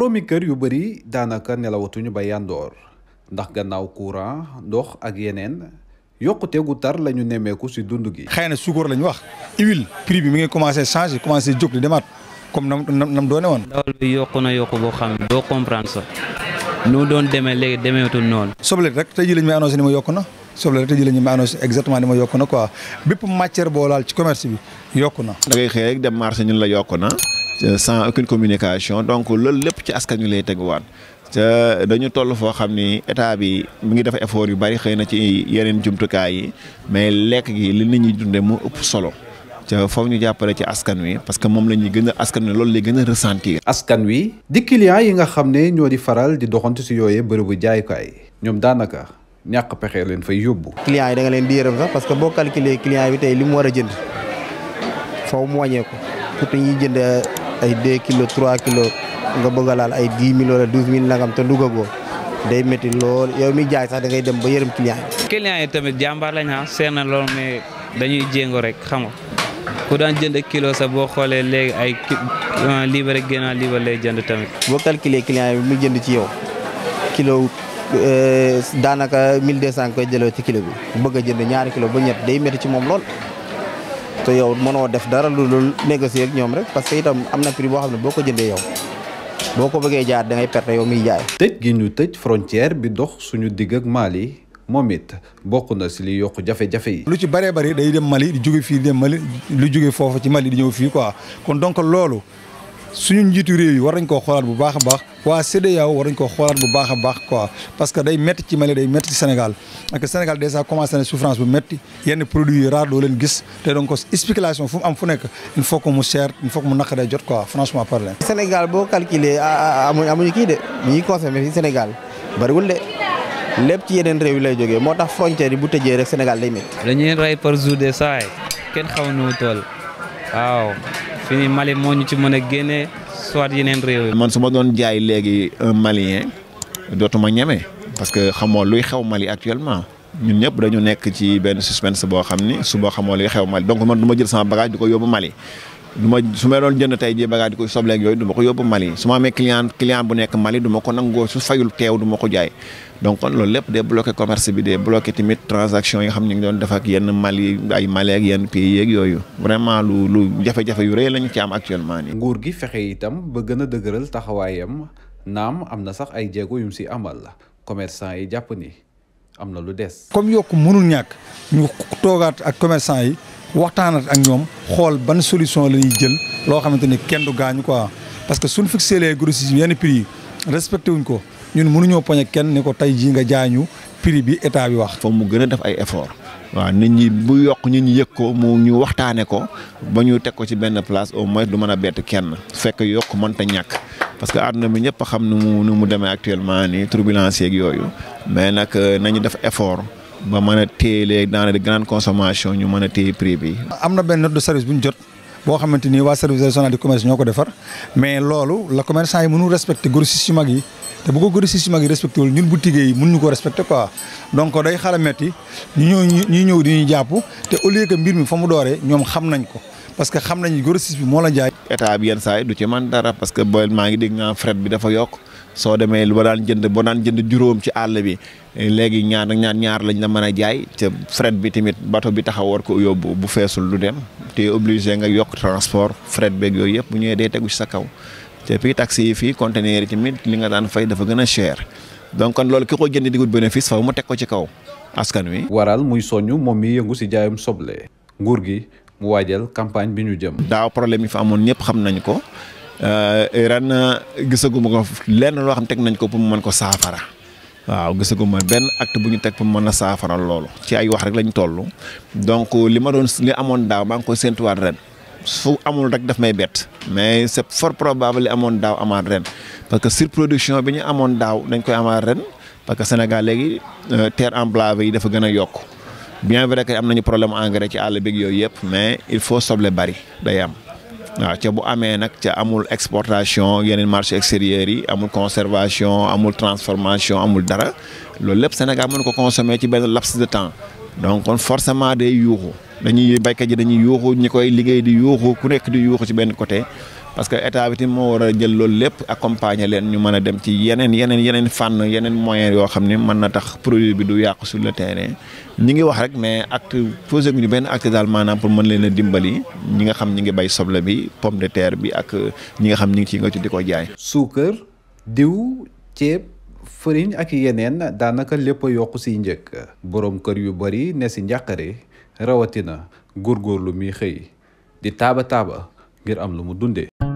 boroomi kër yu bëri daanaka nelawatuñu ba yàndoor ndax gannaaw courant ndox ak yeneen yokkute gu tar la ñu nemmeeku si dund gi. xëy na suukar la ñu wax huile prix bi mu ngi commencé changé commencé jóg di demaat comme nam nam doone woon. dawal yokku na yokku boo xam ne doo comprendre sax doon demee léegi demeetul noonu. soble rek tey jii lañ may annoncé ni ma yokku na soble na quoi bépp matière boo laal ci commerce bi yokku na. da ngay xëy rek dem marché ñun la yokku na. Euh, sans aucune communication donc loolu lépp ci askan wi lay teguwaat te dañu toll foo xam ni état bi mi ngi def effort yu bari xëy na ci yeneen jumtukaay yi mais lekk gi li nit ñi dundee mu ëpp solo. te foog ñu jàppale ci askan wi parce que moom la ñuy askan wi loolu lay gën a ressentir. askan wi di clients yi nga xam ne ñoo di faral di doxantu si yooyee bërëbu jaayukaay ñoom danaka ñàkk pexe leen fay yóbbu. clients yi da nga leen di yërëm sax parce que boo calculer client bi tey li mu war a jënd foofu mu wàññeeku pour jënd. ay 2 kilos 3 kilos nga bëgga laal ay 10 mille wala 12 mille nangam te duggagoo day métti lool yow mi jaay sax da ngay ba yërëm client yi. yi tamit jàmbaar lañ ah na lool mais dañuy jéngo rek xam nga daan jënd kilo sax boo xoolee léegi ay libre rek gën a libre lay jënd tamit. boo calculer client yi mu jënd ci yow kilo euh, daanaka 1200 koy jëloo ci kilo bi bëgg a jënd ñaari kilo ba ñett day métti ci moom lool. te yow mënoo def dara lu dul négocier ak ñoom rek parce que itam am na prix boo xam ne boo ko jëndee yow boo ko bëggee jaar da perte yow miy jaay. tëj gi ñu tëj frontière bi dox suñu digg ak Mali moom it bokk na si li yokk jafe-jafe yi. lu ci bëree bëri day dem Mali di jóge fii di dem Mali lu jóge foofu ci Mali di ñëw fii quoi kon donc loolu suñu njiitu réew yi war nañ koo xoolaat bu baax a baax. waa CEDEAO war nañ ko xoolaat bu baax a baax quoi parce que day métti ci Mali day métti ci Sénégal ak Sénégal dèjà commencé na souffrance bu métti yenn produits yi rare doo leen gis te donc spéculation fu mu am fu nekk il faut que mu cher il faut que mu naqaree jot quoi franchement parler. Sénégal boo calculé ah, ah, ah, amuñ amuñu kii de ñuy consommé ci Sénégal bariwul de lépp ci yeneen réew yi lay jógee moo tax frontière yi bu tëjee rek Sénégal day métti. dañuy rey par jour de saa yi kenn xamuñu mu toll waaw. fi ni Mali moo ñu ci mën a génnee soit yeneen réew yi. man su ma doon jaay léegi un malien dootuma ñeme parce que xamoo luy xew Mali actuellement ñun ñëpp dañu nekk ci benn suspense boo xam ni suba xamoo luy xew Mali donc man du ma jël sama bagage du ko yóbbu Mali. du ma su ma doon jënd tey jii bagage di ko sobleeg yooyu du ko yóbbu Mali su ma amee client client bu nekk Mali du ma ko nangoo su fayul teew du ma ko jaay donc kon loolu lépp day bloqué commerce bi dee bloqué tamit transaction yi nga xam ñu ngi doon def ak yenn Mali ay Mali ak yenn pays yeeg yooyu vraiment lu lu jafe-jafe yu rëy lañu ci am actuellement nii. nguur gi fexe itam ba gën a dëgëral taxawaayam naam am na sax ay jéego yum si amal la commerçant yi jàpp ni am na lu des. comme yokk mënul ñàkk ñu toogaat yi. waxtaanat ak ñoom xool ban solution la ñuy jël loo xamante ni kenn du gaañu quoi parce que suñ fixé les grossistes yenn prix yi respecté wuñ ko ñun mënuñoo poñe kenn ni ko tey jii nga jaañu prix bi état bi wax. foog mu gën a def ay effort. waaw nit ñi bu yokk nit ñi yëg ko mu ñu waxtaane ko ba ñu teg ko ci benn place au moins du mën a bett kenn fekk yokk mënta ñàkk parce que àdduna bi ñëpp xam nu mu nu mu demee actuellement ni turbulence yeeg yooyu mais nag euh, nañu def effort. ba mën a téye les denrées de grande consommation ñu mën a téye bi. am na benn note de service bu ñu jot boo xamante ni waa service régional du commerce ñoo ko defar mais loolu la commerçant yi mënul respecté grossistes yu mag yi te bu ko grossistes yu mag yi respecté wul ñun boutiques yi mënuñu ko respecté quoi donc day xala metti ñu ñëw ñu ñëw di ñu jàpp te au lieu que mbir mi fa mu doore ñoom xam nañ ko. parce que xam nañu grossiste bi moo la jaay. état bi yenn saa yi du ci man dara parce que booy maa ngi dégg naa fret yokk. soo demee ba daan jënd ba daan jënd juróom ci àll bi léegi ñaar ñaar ñaar lañ la mën a jaay te fret bi tamit bato bi taxaw war ko yóbbu bu feesul du dem te obligé nga yokk transport fret beeg yooyu yëpp bu ñëwee day tegu ci sa kaw te fii taxi yi fii conteneur yi tamit li nga daan fay dafa gën a chair donc kon loolu ki ko jënd digul bénéfice faw mu teg ko ci kaw askan wi. waral muy soñu moom mi yëngu si jaayum soble nguur gi mu waajal campagne bi ñu jëm. daaw problème yi fa amoon ñëpp xam nañ ko. Euh, ren euh, gisaguma ko lenn loo xam teg nañ ko pour mu mën ko saafara. waaw gisaguma benn acte bu ñu teg pour mën na saafara loolu ci ay wax rek lañ toll donc li ma doon li amoon daaw maa ngi koy séntuwaat ren. su amul rek daf may bett mais c'est fort probable li amoon daaw amaat ren parce que surproduction bi ñu amoon daaw koy amaat ren parce que Sénégal léegi euh, terre emblavée yi dafa gën a yokk bien vrai que am nañu problème engrais ci àll beeg yooyu yëpp mais il faut soble bari day am. waaw ca bu amee nag ca amul exportation yeneen marché extérieur yi amul conservation amul transformation amul dara loolu lépp Sénégal mën ko consommer ci benn laps de temps donc kon forcément day yuuxu dañuy baykat yi dañuy yuuxu ñi koy liggéey di yuuxu ku nekk di yuuxu ci benn côté parce que état bi tamit moo war a jël loolu lépp accompagner leen ñu mën a dem ci yeneen yeneen yeneen fànn yeneen moyen yoo xam ne mën na tax produit bi du yàqu sur le terrain ñi ngi wax rek mais acte posé gu ñu benn acte daal maanaam pour mën leen dimbali ñi nga xam ñi ngi bay soble bi pomme de terre bi ak ñi nga xam ñi ngi ci nga ci di ko jaay. suukar diw ceeb farine ak yeneen daanaka lépp a yokku si njëkk borom kër yu bari ne si njàqare rawatina góorgóorlu mi xëy di taaba taaba ngir am lu mu dundee